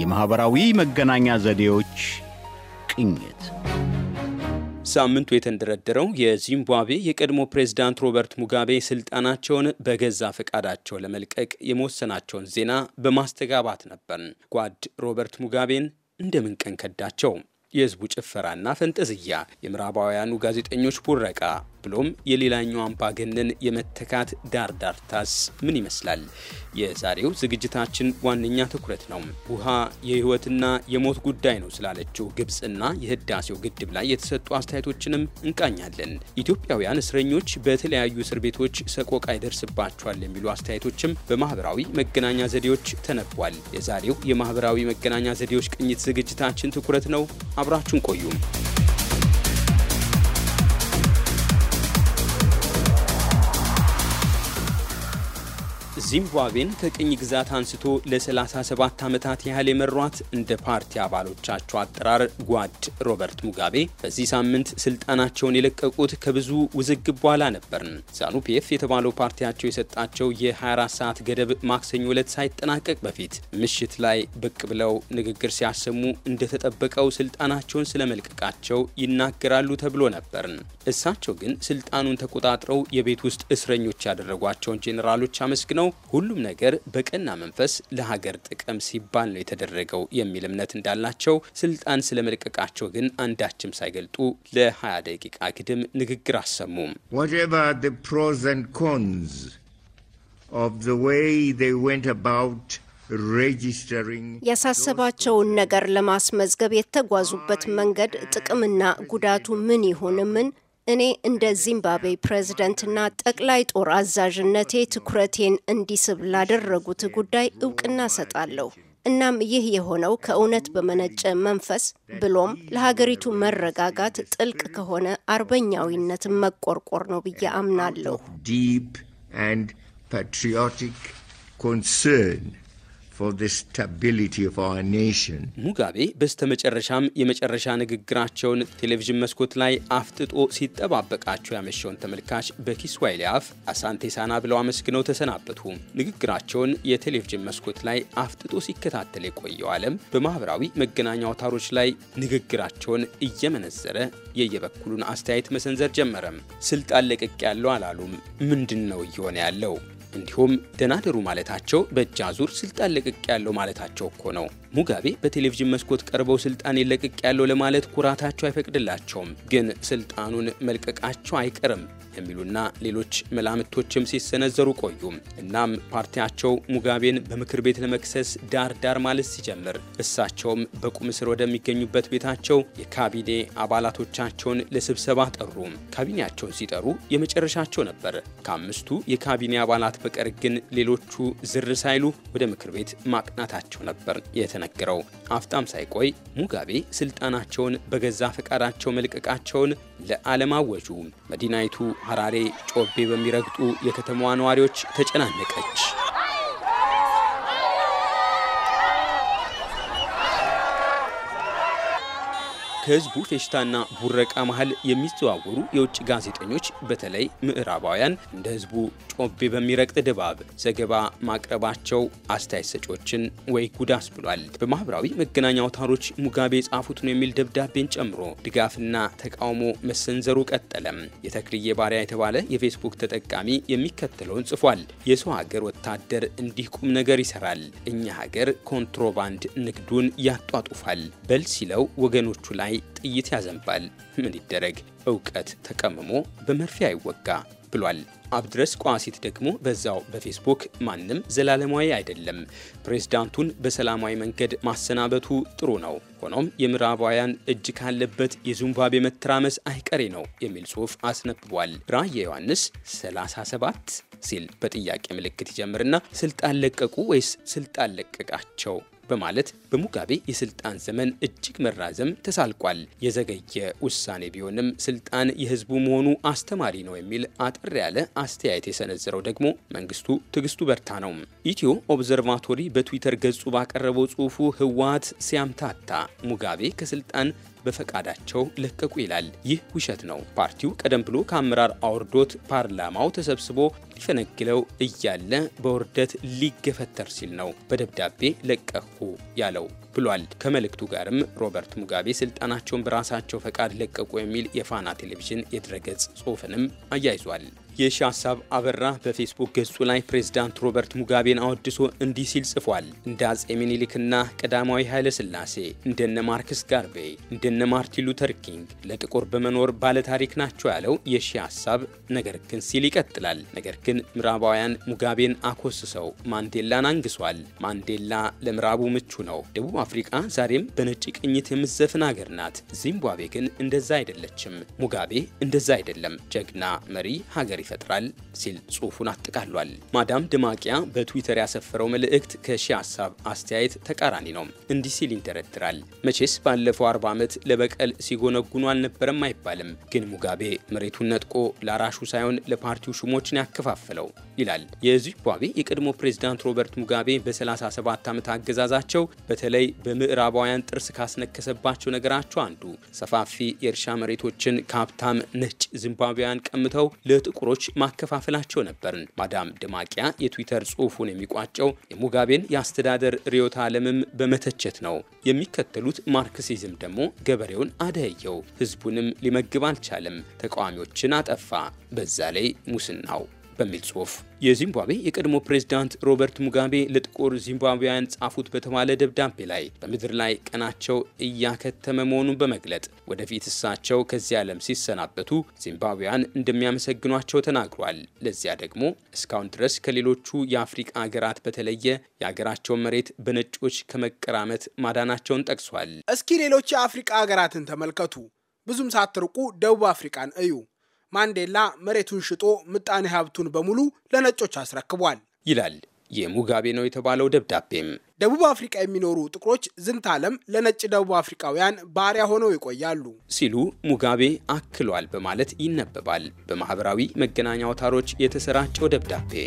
የማኅበራዊ መገናኛ ዘዴዎች ቅኝት ሳምንቱ የተንደረደረው የዚምባብዌ የቀድሞ ፕሬዝዳንት ሮበርት ሙጋቤ ስልጣናቸውን በገዛ ፈቃዳቸው ለመልቀቅ የመወሰናቸውን ዜና በማስተጋባት ነበር። ጓድ ሮበርት ሙጋቤን እንደምን ቀን ከዳቸው! የሕዝቡ ጭፈራና ፈንጠዝያ፣ የምዕራባውያኑ ጋዜጠኞች ቡረቃ ብሎም የሌላኛው አምባገነን የመተካት ዳርዳርታስ ምን ይመስላል? የዛሬው ዝግጅታችን ዋነኛ ትኩረት ነው። ውሃ የህይወትና የሞት ጉዳይ ነው ስላለችው ግብፅና የህዳሴው ግድብ ላይ የተሰጡ አስተያየቶችንም እንቃኛለን። ኢትዮጵያውያን እስረኞች በተለያዩ እስር ቤቶች ሰቆቃ ይደርስባቸዋል የሚሉ አስተያየቶችም በማህበራዊ መገናኛ ዘዴዎች ተነቧል። የዛሬው የማህበራዊ መገናኛ ዘዴዎች ቅኝት ዝግጅታችን ትኩረት ነው። አብራችሁን ቆዩም ዚምባብዌን ከቅኝ ግዛት አንስቶ ለ37 ዓመታት ያህል የመሯት እንደ ፓርቲ አባሎቻቸው አጠራር ጓድ ሮበርት ሙጋቤ በዚህ ሳምንት ስልጣናቸውን የለቀቁት ከብዙ ውዝግብ በኋላ ነበርን። ዛኑ ፒኤፍ የተባለው ፓርቲያቸው የሰጣቸው የ24 ሰዓት ገደብ ማክሰኞ ዕለት ሳይጠናቀቅ በፊት ምሽት ላይ ብቅ ብለው ንግግር ሲያሰሙ እንደተጠበቀው ስልጣናቸውን ስለመልቀቃቸው ይናገራሉ ተብሎ ነበርን። እሳቸው ግን ስልጣኑን ተቆጣጥረው የቤት ውስጥ እስረኞች ያደረጓቸውን ጄኔራሎች አመስግነው ሁሉም ነገር በቀና መንፈስ ለሀገር ጥቅም ሲባል ነው የተደረገው የሚል እምነት እንዳላቸው፣ ስልጣን ስለመልቀቃቸው ግን አንዳችም ሳይገልጡ ለ20 ደቂቃ ግድም ንግግር አሰሙም። ያሳሰባቸውን ነገር ለማስመዝገብ የተጓዙበት መንገድ ጥቅምና ጉዳቱ ምን ይሁን ምን እኔ እንደ ዚምባብዌ ፕሬዝደንትና ጠቅላይ ጦር አዛዥነቴ ትኩረቴን እንዲስብ ላደረጉት ጉዳይ እውቅና ሰጣለሁ። እናም ይህ የሆነው ከእውነት በመነጨ መንፈስ ብሎም ለሀገሪቱ መረጋጋት ጥልቅ ከሆነ አርበኛዊነትን መቆርቆር ነው ብዬ አምናለሁ። ዲፕ ኤንድ ፓትሪዮቲክ ኮንሰርን ሙጋቤ በስተመጨረሻም የመጨረሻ ንግግራቸውን ቴሌቪዥን መስኮት ላይ አፍጥጦ ሲጠባበቃቸው ያመሸውን ተመልካች በኪስዋሂሊ አፍ አሳንቴ ሳና ብለው አመስግነው ተሰናበቱ። ንግግራቸውን የቴሌቪዥን መስኮት ላይ አፍጥጦ ሲከታተል የቆየው ዓለም በማህበራዊ መገናኛ አውታሮች ላይ ንግግራቸውን እየመነዘረ የየበኩሉን አስተያየት መሰንዘር ጀመረም። ስልጣን ለቅቅ ያለው አላሉም። ምንድን ነው እየሆነ ያለው? እንዲሁም ደናደሩ ማለታቸው በእጃ ዙር ስልጣን ለቅቅ ያለው ማለታቸው እኮ ነው። ሙጋቤ በቴሌቪዥን መስኮት ቀርበው ስልጣን ይለቅቅ ያለው ለማለት ኩራታቸው አይፈቅድላቸውም። ግን ስልጣኑን መልቀቃቸው አይቀርም የሚሉና ሌሎች መላምቶችም ሲሰነዘሩ ቆዩ። እናም ፓርቲያቸው ሙጋቤን በምክር ቤት ለመክሰስ ዳር ዳር ማለት ሲጀምር እሳቸውም በቁም ስር ወደሚገኙበት ቤታቸው የካቢኔ አባላቶቻቸውን ለስብሰባ ጠሩ። ካቢኔያቸውን ሲጠሩ የመጨረሻቸው ነበር። ከአምስቱ የካቢኔ አባላት በቀር ግን ሌሎቹ ዝር ሳይሉ ወደ ምክር ቤት ማቅናታቸው ነበር የተነ የተነገረው። አፍታም ሳይቆይ ሙጋቤ ስልጣናቸውን በገዛ ፈቃዳቸው መልቀቃቸውን ለዓለም አወጁ። መዲናይቱ ሐራሬ ጮቤ በሚረግጡ የከተማዋ ነዋሪዎች ተጨናነቀች። ከህዝቡ ፌሽታና ቡረቃ መሀል የሚዘዋወሩ የውጭ ጋዜጠኞች በተለይ ምዕራባውያን እንደ ህዝቡ ጮቤ በሚረቅጥ ድባብ ዘገባ ማቅረባቸው አስተያየት ሰጪዎችን ወይ ጉዳስ ብሏል። በማህበራዊ መገናኛ አውታሮች ሙጋቤ የጻፉት ነው የሚል ደብዳቤን ጨምሮ ድጋፍና ተቃውሞ መሰንዘሩ ቀጠለም። የተክልዬ ባሪያ የተባለ የፌስቡክ ተጠቃሚ የሚከተለውን ጽፏል። የሰው ሀገር ወታደር እንዲህ ቁም ነገር ይሰራል። እኛ ሀገር ኮንትሮባንድ ንግዱን ያጧጡፋል። በል ሲለው ወገኖቹ ላይ ላይ ጥይት ያዘንባል። ምን ይደረግ፣ እውቀት ተቀምሞ በመርፌ አይወጋ ብሏል። አብድረስ ቋሲት ደግሞ በዛው በፌስቡክ ማንም ዘላለማዊ አይደለም፣ ፕሬዝዳንቱን በሰላማዊ መንገድ ማሰናበቱ ጥሩ ነው፣ ሆኖም የምዕራባውያን እጅ ካለበት የዚምባብዌ መተራመስ አይቀሬ ነው የሚል ጽሑፍ አስነብቧል። ራየ ዮሐንስ 37 ሲል በጥያቄ ምልክት ይጀምርና ስልጣን ለቀቁ ወይስ ስልጣን ለቀቃቸው በማለት በሙጋቤ የስልጣን ዘመን እጅግ መራዘም ተሳልቋል። የዘገየ ውሳኔ ቢሆንም ስልጣን የህዝቡ መሆኑ አስተማሪ ነው የሚል አጠር ያለ አስተያየት የሰነዘረው ደግሞ መንግስቱ ትዕግስቱ በርታ ነው። ኢትዮ ኦብዘርቫቶሪ በትዊተር ገጹ ባቀረበው ጽሁፉ ህወሓት ሲያምታታ ሙጋቤ ከስልጣን በፈቃዳቸው ለቀቁ ይላል። ይህ ውሸት ነው። ፓርቲው ቀደም ብሎ ከአመራር አውርዶት ፓርላማው ተሰብስቦ ሊፈነግለው እያለ በውርደት ሊገፈተር ሲል ነው በደብዳቤ ለቀቁ ያለው ብሏል። ከመልእክቱ ጋርም ሮበርት ሙጋቤ ስልጣናቸውን በራሳቸው ፈቃድ ለቀቁ የሚል የፋና ቴሌቪዥን የድረገጽ ጽሑፍንም አያይዟል። ሀሳብ አበራ በፌስቡክ ገጹ ላይ ፕሬዝዳንት ሮበርት ሙጋቤን አወድሶ እንዲህ ሲል ጽፏል። እንደ አጼ ሚኒሊክና ቀዳማዊ ኃይለ ስላሴ እንደነ ማርክስ ጋርቤ እንደነ ማርቲን ሉተር ኪንግ ለጥቁር በመኖር ባለታሪክ ናቸው ያለው የሺ ሀሳብ ነገር ግን ሲል ይቀጥላል። ነገር ግን ምዕራባውያን ሙጋቤን አኮስሰው ማንዴላን አንግሷል። ማንዴላ ለምዕራቡ ምቹ ነው። ደቡብ አፍሪቃ ዛሬም በነጭ ቅኝት የምትዘፍን አገር ናት። ዚምባብዌ ግን እንደዛ አይደለችም። ሙጋቤ እንደዛ አይደለም። ጀግና መሪ ሀገሪ ይፈጥራል ሲል ጽሑፉን አጠቃሏል። ማዳም ድማቂያ በትዊተር ያሰፈረው መልእክት ከሺ ሀሳብ አስተያየት ተቃራኒ ነው። እንዲህ ሲል ይንደረድራል። መቼስ ባለፈው አርባ ዓመት ለበቀል ሲጎነጉኑ አልነበረም አይባልም። ግን ሙጋቤ መሬቱን ነጥቆ ለአራሹ ሳይሆን ለፓርቲው ሹሞችን ያከፋፈለው ይላል። የዚምባብዌ የቀድሞ ፕሬዚዳንት ሮበርት ሙጋቤ በ37 ዓመት አገዛዛቸው በተለይ በምዕራባውያን ጥርስ ካስነከሰባቸው ነገራቸው አንዱ ሰፋፊ የእርሻ መሬቶችን ከሀብታም ነጭ ዚምባብዌያን ቀምተው ለጥቁሮች ዶላሮች ማከፋፈላቸው ነበርን። ማዳም ድማቂያ የትዊተር ጽሑፉን የሚቋጨው የሙጋቤን የአስተዳደር ርዕዮተ ዓለምም በመተቸት ነው። የሚከተሉት ማርክሲዝም ደግሞ ገበሬውን አደየው፣ ህዝቡንም ሊመግብ አልቻለም፣ ተቃዋሚዎችን አጠፋ፣ በዛ ላይ ሙስናው በሚል ጽሁፍ የዚምባብዌ የቀድሞ ፕሬዝዳንት ሮበርት ሙጋቤ ለጥቁር ዚምባብዌያን ጻፉት በተባለ ደብዳቤ ላይ በምድር ላይ ቀናቸው እያከተመ መሆኑን በመግለጥ ወደፊት እሳቸው ከዚህ ዓለም ሲሰናበቱ ዚምባብዌያን እንደሚያመሰግኗቸው ተናግሯል። ለዚያ ደግሞ እስካሁን ድረስ ከሌሎቹ የአፍሪቃ ሀገራት በተለየ የሀገራቸውን መሬት በነጮች ከመቀራመት ማዳናቸውን ጠቅሷል። እስኪ ሌሎች የአፍሪቃ ሀገራትን ተመልከቱ። ብዙም ሳትርቁ ደቡብ አፍሪቃን እዩ። ማንዴላ መሬቱን ሽጦ ምጣኔ ሀብቱን በሙሉ ለነጮች አስረክቧል ይላል የሙጋቤ ነው የተባለው ደብዳቤም። ደቡብ አፍሪቃ የሚኖሩ ጥቁሮች ዝንተ ዓለም ለነጭ ደቡብ አፍሪካውያን ባሪያ ሆነው ይቆያሉ ሲሉ ሙጋቤ አክሏል በማለት ይነበባል በማኅበራዊ መገናኛ አውታሮች የተሰራጨው ደብዳቤ።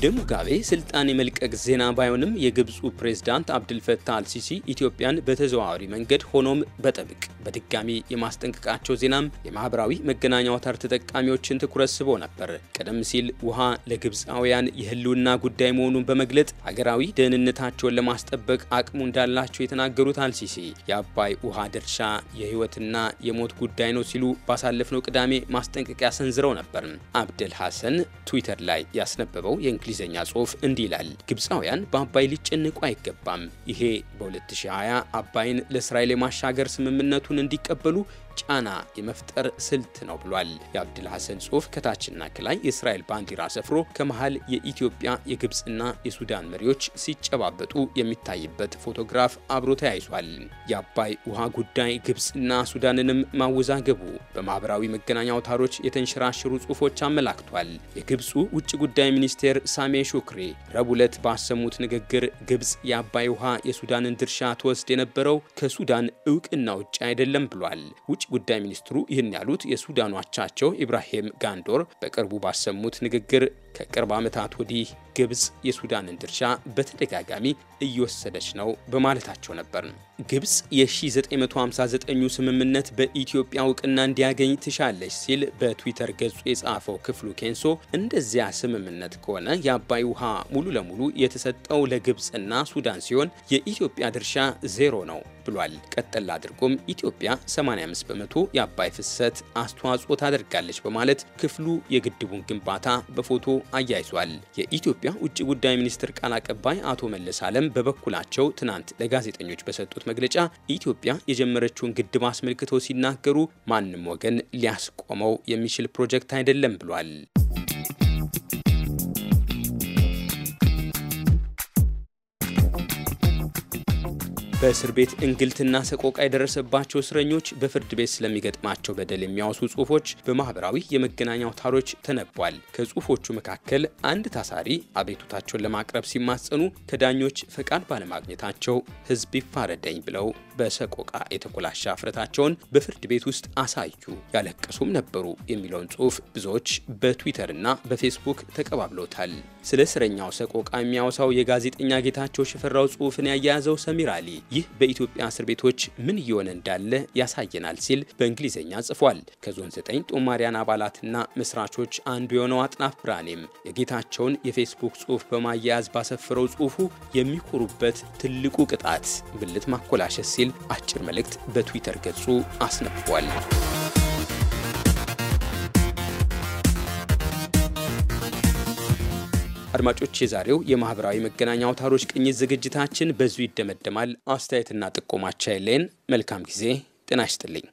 እንደ ሙጋቤ ስልጣን የመልቀቅ ዜና ባይሆንም የግብፁ ፕሬዝዳንት አብድልፈታህ አልሲሲ ኢትዮጵያን በተዘዋዋሪ መንገድ ሆኖም በጠብቅ በድጋሚ የማስጠንቀቃቸው ዜናም የማህበራዊ መገናኛ አውታር ተጠቃሚዎችን ትኩረት ስቦ ነበር። ቀደም ሲል ውሃ ለግብፃውያን የህልውና ጉዳይ መሆኑን በመግለጥ ሀገራዊ ደህንነታቸውን ለማስጠበቅ አቅሙ እንዳላቸው የተናገሩት አልሲሲ የአባይ ውሃ ድርሻ የህይወትና የሞት ጉዳይ ነው ሲሉ ባሳለፍነው ቅዳሜ ማስጠንቀቂያ ሰንዝረው ነበር። አብደል ሐሰን ትዊተር ላይ ያስነበበው የእንግሊዝኛ ጽሑፍ እንዲህ ይላል። ግብፃውያን በአባይ ሊጨንቁ አይገባም። ይሄ በ2020 አባይን ለእስራኤል የማሻገር ስምምነቱን እንዲቀበሉ ጫና የመፍጠር ስልት ነው ብሏል። የአብድል ሐሰን ጽሁፍ ከታችና ከላይ የእስራኤል ባንዲራ ሰፍሮ ከመሀል የኢትዮጵያ የግብፅና የሱዳን መሪዎች ሲጨባበጡ የሚታይበት ፎቶግራፍ አብሮ ተያይዟል። የአባይ ውሃ ጉዳይ ግብፅና ሱዳንንም ማወዛገቡ በማህበራዊ መገናኛ አውታሮች የተንሸራሸሩ ጽሁፎች አመላክቷል። የግብፁ ውጭ ጉዳይ ሚኒስቴር ሳሜ ሹክሪ ረቡዕ ዕለት ባሰሙት ንግግር ግብፅ የአባይ ውሃ የሱዳንን ድርሻ ትወስድ የነበረው ከሱዳን እውቅና ውጭ አይደለም ብሏል። ውጭ ጉዳይ ሚኒስትሩ ይህን ያሉት የሱዳኗቻቸው ኢብራሂም ጋንዶር በቅርቡ ባሰሙት ንግግር ከቅርብ ዓመታት ወዲህ ግብፅ የሱዳንን ድርሻ በተደጋጋሚ እየወሰደች ነው በማለታቸው ነበር። ግብፅ የ1959ኙ ስምምነት በኢትዮጵያ እውቅና እንዲያገኝ ትሻለች ሲል በትዊተር ገጹ የጻፈው ክፍሉ ኬንሶ እንደዚያ ስምምነት ከሆነ የአባይ ውሃ ሙሉ ለሙሉ የተሰጠው ለግብፅና ሱዳን ሲሆን የኢትዮጵያ ድርሻ ዜሮ ነው ብሏል። ቀጠል አድርጎም ኢትዮጵያ 85 በመቶ የአባይ ፍሰት አስተዋጽኦ ታደርጋለች በማለት ክፍሉ የግድቡን ግንባታ በፎቶ አያይዟል። የኢትዮጵያ ውጭ ጉዳይ ሚኒስትር ቃል አቀባይ አቶ መለስ አለም በበኩላቸው ትናንት ለጋዜጠኞች በሰጡት መግለጫ ኢትዮጵያ የጀመረችውን ግድብ አስመልክተው ሲናገሩ ማንም ወገን ሊያስቆመው የሚችል ፕሮጀክት አይደለም ብሏል። በእስር ቤት እንግልትና ሰቆቃ የደረሰባቸው እስረኞች በፍርድ ቤት ስለሚገጥማቸው በደል የሚያወሱ ጽሁፎች በማህበራዊ የመገናኛ አውታሮች ተነቧል። ከጽሁፎቹ መካከል አንድ ታሳሪ አቤቱታቸውን ለማቅረብ ሲማጸኑ ከዳኞች ፈቃድ ባለማግኘታቸው ህዝብ ይፋረደኝ ብለው በሰቆቃ የተኮላሻ ፍረታቸውን በፍርድ ቤት ውስጥ አሳዩ፣ ያለቀሱም ነበሩ የሚለውን ጽሁፍ ብዙዎች በትዊተርና በፌስቡክ ተቀባብለውታል። ስለ እስረኛው ሰቆቃ የሚያወሳው የጋዜጠኛ ጌታቸው ሽፈራው ጽሁፍን ያያያዘው አሊ ይህ በኢትዮጵያ እስር ቤቶች ምን እየሆነ እንዳለ ያሳየናል ሲል በእንግሊዝኛ ጽፏል። ከዞን ዘጠኝ ጦማሪያን አባላትና መስራቾች አንዱ የሆነው አጥናፍ ብርሃኔም የጌታቸውን የፌስቡክ ጽሑፍ በማያያዝ ባሰፈረው ጽሑፉ የሚኮሩበት ትልቁ ቅጣት ብልት ማኮላሸት ሲል አጭር መልእክት በትዊተር ገጹ አስነብቧል። አድማጮች፣ የዛሬው የማህበራዊ መገናኛ አውታሮች ቅኝት ዝግጅታችን በዙ ይደመደማል። አስተያየትና ጥቆማቻ የለን። መልካም ጊዜ። ጤና ይስጥልኝ።